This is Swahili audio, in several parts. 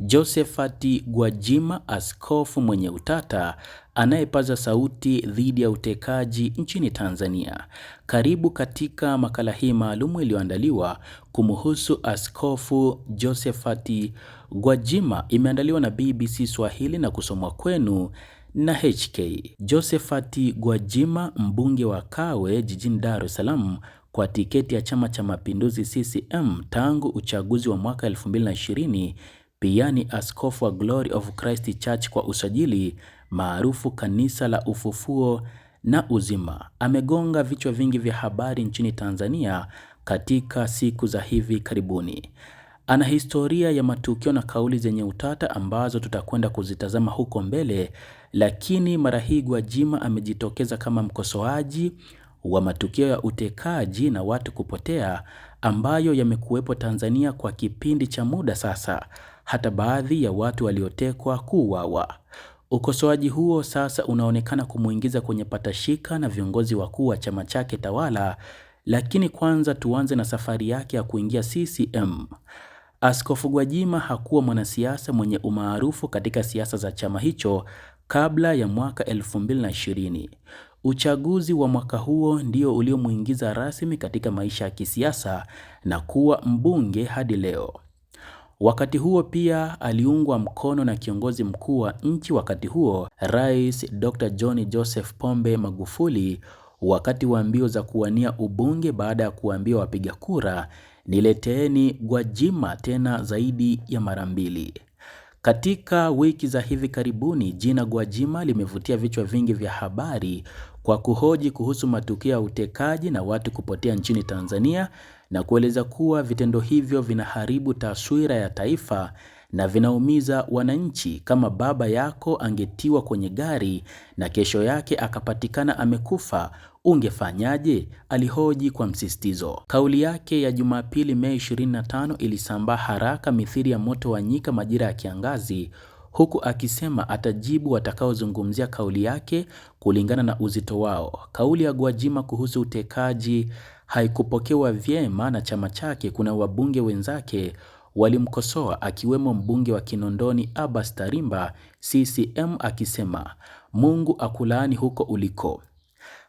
Josephat Gwajima, askofu mwenye utata anayepaza sauti dhidi ya utekaji nchini Tanzania. Karibu katika makala hii maalum iliyoandaliwa kumhusu Askofu Josephat Gwajima, imeandaliwa na BBC Swahili na kusomwa kwenu na HK. Josephat Gwajima, mbunge wa Kawe jijini Dar es Salaam kwa tiketi ya Chama cha Mapinduzi CCM tangu uchaguzi wa mwaka 2020 pia ni askofu wa Glory of Christ Church kwa usajili maarufu Kanisa la Ufufuo na Uzima. Amegonga vichwa vingi vya habari nchini Tanzania katika siku za hivi karibuni. Ana historia ya matukio na kauli zenye utata ambazo tutakwenda kuzitazama huko mbele, lakini mara hii Gwajima amejitokeza kama mkosoaji wa matukio ya utekaji na watu kupotea ambayo yamekuwepo Tanzania kwa kipindi cha muda sasa hata baadhi ya watu waliotekwa kuuawa. Ukosoaji huo sasa unaonekana kumwingiza kwenye patashika na viongozi wakuu wa chama chake tawala. Lakini kwanza tuanze na safari yake ya kuingia CCM. Askofu Gwajima hakuwa mwanasiasa mwenye umaarufu katika siasa za chama hicho kabla ya mwaka 2020. Uchaguzi wa mwaka huo ndio uliomwingiza rasmi katika maisha ya kisiasa na kuwa mbunge hadi leo. Wakati huo pia aliungwa mkono na kiongozi mkuu wa nchi wakati huo, Rais Dr. John Joseph Pombe Magufuli wakati wa mbio za kuwania ubunge baada ya kuambia wapiga kura, nileteeni Gwajima tena zaidi ya mara mbili. Katika wiki za hivi karibuni jina Gwajima limevutia vichwa vingi vya habari kwa kuhoji kuhusu matukio ya utekaji na watu kupotea nchini Tanzania na kueleza kuwa vitendo hivyo vinaharibu taswira ya taifa na vinaumiza wananchi. Kama baba yako angetiwa kwenye gari na kesho yake akapatikana amekufa, ungefanyaje? Alihoji kwa msisitizo. Kauli yake ya Jumapili Mei 25 ilisambaa haraka mithiri ya moto wa nyika majira ya kiangazi, huku akisema atajibu watakaozungumzia kauli yake kulingana na uzito wao. Kauli ya Gwajima kuhusu utekaji haikupokewa vyema na chama chake. Kuna wabunge wenzake walimkosoa akiwemo mbunge wa Kinondoni Abbas Tarimba CCM akisema Mungu akulaani huko uliko.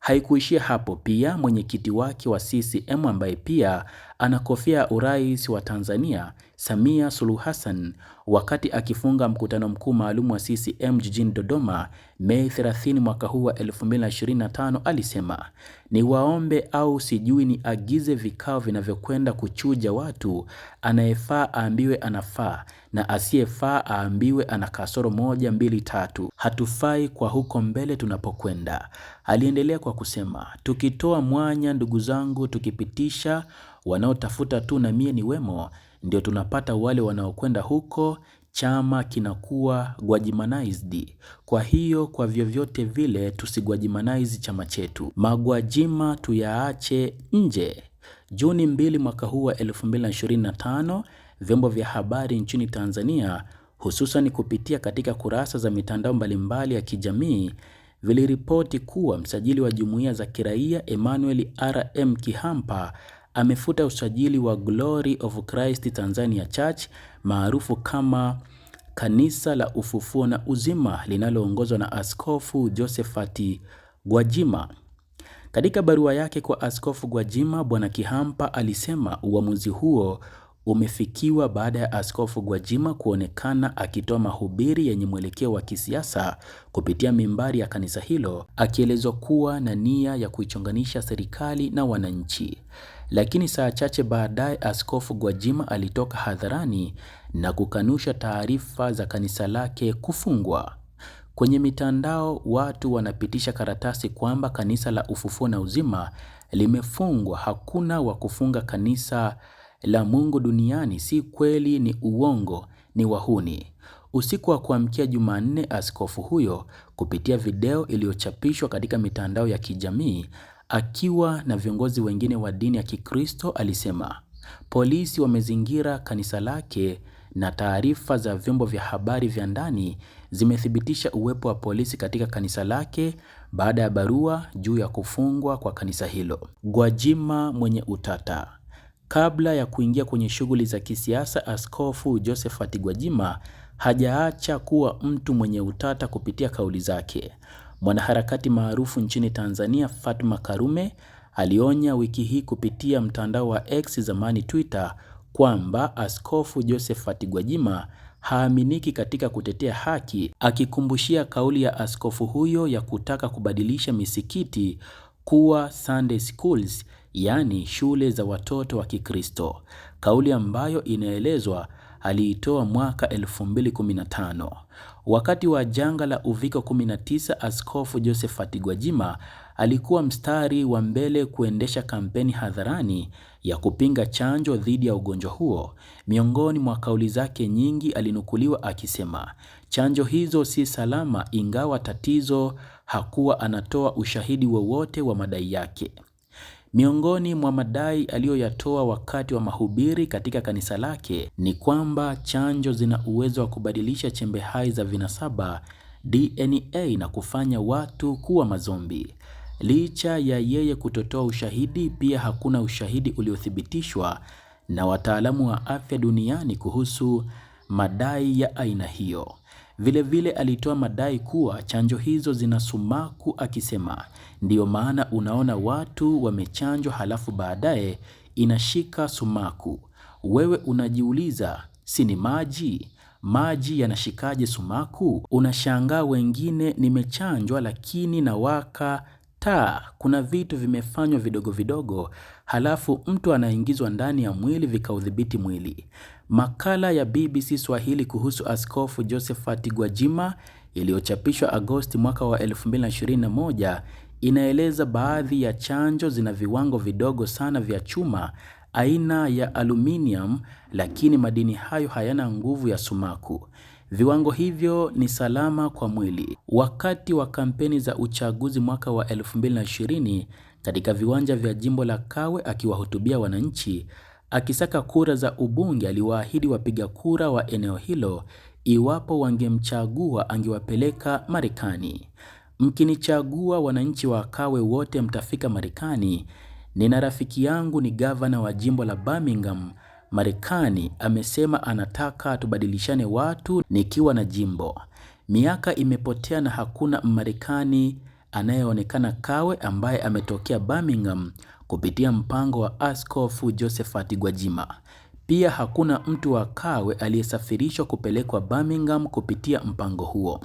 Haikuishia hapo. Pia mwenyekiti wake wa CCM ambaye pia anakofia urais wa Tanzania Samia Suluhu Hassan wakati akifunga mkutano mkuu maalum wa CCM jijini Dodoma Mei 30 mwaka huu wa 2025 alisema, ni waombe au sijui ni agize vikao vinavyokwenda kuchuja watu, anayefaa aambiwe anafaa na asiyefaa aambiwe ana kasoro moja mbili tatu, hatufai kwa huko mbele tunapokwenda. Aliendelea kwa kusema, tukitoa mwanya ndugu zangu, tukipitisha wanaotafuta tu na mie wemo, ndio tunapata wale wanaokwenda huko, chama kinakuwa Gwajimanized. Kwa hiyo kwa vyovyote vile tusigwajimanize chama chetu, magwajima tuyaache nje. Juni mbili mwaka huu wa 2025 vyombo vya habari nchini Tanzania hususan kupitia katika kurasa za mitandao mbalimbali ya kijamii viliripoti kuwa msajili wa jumuiya za kiraia Emmanuel RM Kihampa amefuta usajili wa Glory of Christ Tanzania Church maarufu kama Kanisa la Ufufuo na Uzima linaloongozwa na Askofu Josephat Gwajima. Katika barua yake kwa Askofu Gwajima, Bwana Kihampa alisema uamuzi huo umefikiwa baada ya Askofu Gwajima kuonekana akitoa mahubiri yenye mwelekeo wa kisiasa kupitia mimbari ya kanisa hilo, akielezwa kuwa na nia ya kuichonganisha serikali na wananchi lakini saa chache baadaye Askofu Gwajima alitoka hadharani na kukanusha taarifa za kanisa lake kufungwa. Kwenye mitandao watu wanapitisha karatasi kwamba kanisa la Ufufuo na Uzima limefungwa. Hakuna wa kufunga kanisa la Mungu duniani, si kweli, ni uongo, ni wahuni. Usiku wa kuamkia Jumanne, askofu huyo kupitia video iliyochapishwa katika mitandao ya kijamii Akiwa na viongozi wengine wa dini ya Kikristo alisema polisi wamezingira kanisa lake na taarifa za vyombo vya habari vya ndani zimethibitisha uwepo wa polisi katika kanisa lake baada ya barua juu ya kufungwa kwa kanisa hilo. Gwajima mwenye utata. Kabla ya kuingia kwenye shughuli za kisiasa, Askofu Josephat Gwajima hajaacha kuwa mtu mwenye utata kupitia kauli zake. Mwanaharakati maarufu nchini Tanzania Fatma Karume alionya wiki hii kupitia mtandao wa X zamani Twitter kwamba Askofu Josephat Gwajima haaminiki katika kutetea haki, akikumbushia kauli ya askofu huyo ya kutaka kubadilisha misikiti kuwa Sunday schools, yaani shule za watoto wa Kikristo, kauli ambayo inaelezwa aliitoa mwaka 2015. Wakati wa janga la Uviko 19, Askofu Josephat Gwajima alikuwa mstari wa mbele kuendesha kampeni hadharani ya kupinga chanjo dhidi ya ugonjwa huo. Miongoni mwa kauli zake nyingi, alinukuliwa akisema chanjo hizo si salama, ingawa tatizo hakuwa anatoa ushahidi wowote wa, wa madai yake. Miongoni mwa madai aliyoyatoa wakati wa mahubiri katika kanisa lake ni kwamba chanjo zina uwezo wa kubadilisha chembe hai za vinasaba DNA na kufanya watu kuwa mazombi. Licha ya yeye kutotoa ushahidi, pia hakuna ushahidi uliothibitishwa na wataalamu wa afya duniani kuhusu madai ya aina hiyo. Vilevile alitoa madai kuwa chanjo hizo zina sumaku akisema, ndiyo maana unaona watu wamechanjwa halafu baadaye inashika sumaku. Wewe unajiuliza, si ni maji? Maji yanashikaje sumaku? Unashangaa wengine, nimechanjwa lakini nawaka taa. Kuna vitu vimefanywa vidogo vidogo, halafu mtu anaingizwa ndani ya mwili vikaudhibiti mwili. Makala ya BBC Swahili kuhusu Askofu Josephat Gwajima iliyochapishwa Agosti mwaka wa 2021 inaeleza baadhi ya chanjo zina viwango vidogo sana vya chuma aina ya aluminium, lakini madini hayo hayana nguvu ya sumaku. Viwango hivyo ni salama kwa mwili. Wakati wa kampeni za uchaguzi mwaka wa 2020 katika viwanja vya jimbo la Kawe, akiwahutubia wananchi, akisaka kura za ubunge aliwaahidi wapiga kura wa eneo hilo iwapo wangemchagua angewapeleka Marekani. Mkinichagua wananchi wa Kawe wote mtafika Marekani. Nina rafiki yangu ni gavana wa jimbo la Birmingham, Marekani, amesema anataka tubadilishane watu nikiwa na jimbo. Miaka imepotea na hakuna Mmarekani anayeonekana Kawe ambaye ametokea Birmingham kupitia mpango wa Askofu Josephat Gwajima. Pia hakuna mtu wa Kawe aliyesafirishwa kupelekwa Birmingham kupitia mpango huo.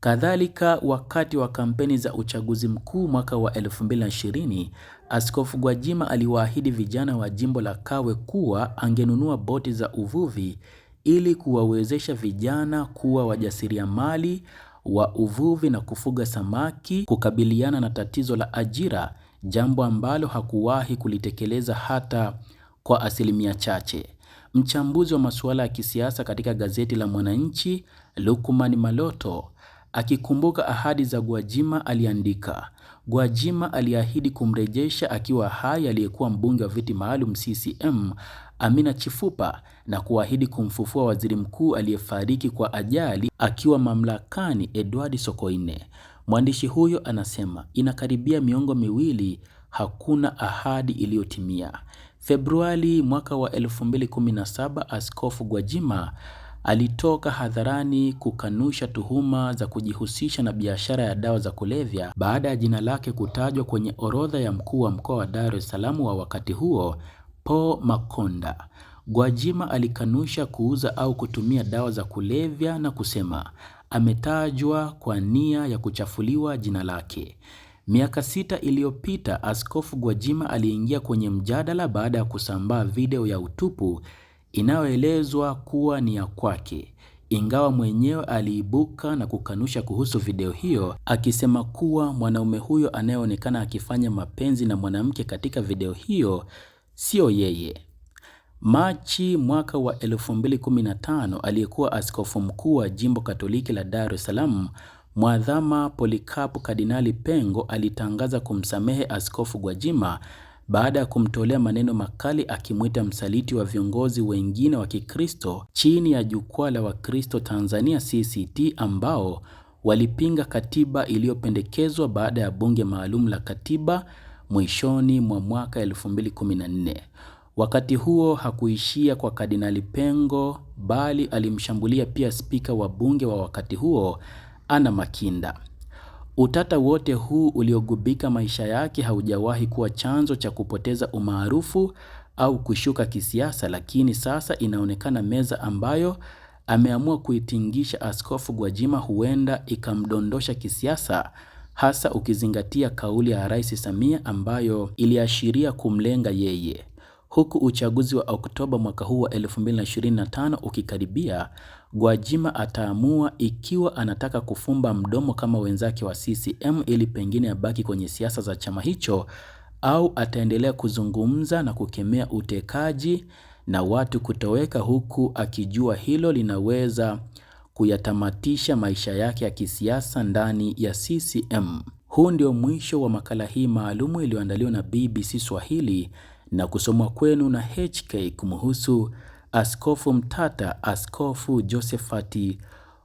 Kadhalika, wakati wa kampeni za uchaguzi mkuu mwaka wa 2020, Askofu Gwajima aliwaahidi vijana wa jimbo la Kawe kuwa angenunua boti za uvuvi ili kuwawezesha vijana kuwa wajasiriamali wa uvuvi na kufuga samaki kukabiliana na tatizo la ajira, jambo ambalo hakuwahi kulitekeleza hata kwa asilimia chache. Mchambuzi wa masuala ya kisiasa katika gazeti la Mwananchi, Lukman Maloto, akikumbuka ahadi za Gwajima aliandika, Gwajima aliahidi kumrejesha akiwa hai aliyekuwa mbunge wa viti maalum CCM Amina Chifupa na kuahidi kumfufua waziri mkuu aliyefariki kwa ajali akiwa mamlakani Edward Sokoine. Mwandishi huyo anasema inakaribia miongo miwili hakuna ahadi iliyotimia. Februari mwaka wa 2017 Askofu Gwajima alitoka hadharani kukanusha tuhuma za kujihusisha na biashara ya dawa za kulevya baada ya jina lake kutajwa kwenye orodha ya mkuu wa mkoa wa Dar es Salaam wa wakati huo Paul Makonda. Gwajima alikanusha kuuza au kutumia dawa za kulevya na kusema ametajwa kwa nia ya kuchafuliwa jina lake. Miaka sita iliyopita, Askofu Gwajima aliingia kwenye mjadala baada ya kusambaa video ya utupu inayoelezwa kuwa ni ya kwake, ingawa mwenyewe aliibuka na kukanusha kuhusu video hiyo, akisema kuwa mwanaume huyo anayeonekana akifanya mapenzi na mwanamke katika video hiyo sio yeye. Machi mwaka wa 2015 aliyekuwa askofu mkuu wa jimbo Katoliki la Dar es Salaam Mwadhama Polikapu Kardinali Pengo alitangaza kumsamehe Askofu Gwajima baada ya kumtolea maneno makali akimwita msaliti wa viongozi wengine wa Kikristo chini ya jukwaa la Wakristo Tanzania CCT ambao walipinga katiba iliyopendekezwa baada ya bunge maalum la katiba mwishoni mwa mwaka 2014. Wakati huo hakuishia kwa Kardinali Pengo bali alimshambulia pia spika wa bunge wa wakati huo, Anna Makinda. Utata wote huu uliogubika maisha yake haujawahi kuwa chanzo cha kupoteza umaarufu au kushuka kisiasa, lakini sasa inaonekana meza ambayo ameamua kuitingisha Askofu Gwajima huenda ikamdondosha kisiasa hasa ukizingatia kauli ya Rais Samia ambayo iliashiria kumlenga yeye. Huku uchaguzi wa Oktoba mwaka huu wa 2025 ukikaribia, Gwajima ataamua ikiwa anataka kufumba mdomo kama wenzake wa CCM ili pengine abaki kwenye siasa za chama hicho au ataendelea kuzungumza na kukemea utekaji na watu kutoweka huku akijua hilo linaweza kuyatamatisha maisha yake ya kisiasa ndani ya CCM. Huu ndio mwisho wa makala hii maalumu iliyoandaliwa na BBC Swahili na kusomwa kwenu na HK kumhusu Askofu Mtata, Askofu Josephat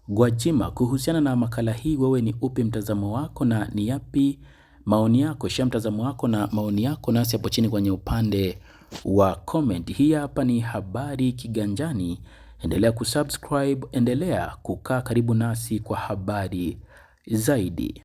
Gwajima. Kuhusiana na makala hii, wewe ni upi mtazamo wako na ni yapi maoni yako? Shia mtazamo wako na maoni yako nasi hapo chini kwenye upande wa comment. Hii hapa ni Habari Kiganjani. Endelea kusubscribe, endelea kukaa karibu nasi kwa habari zaidi.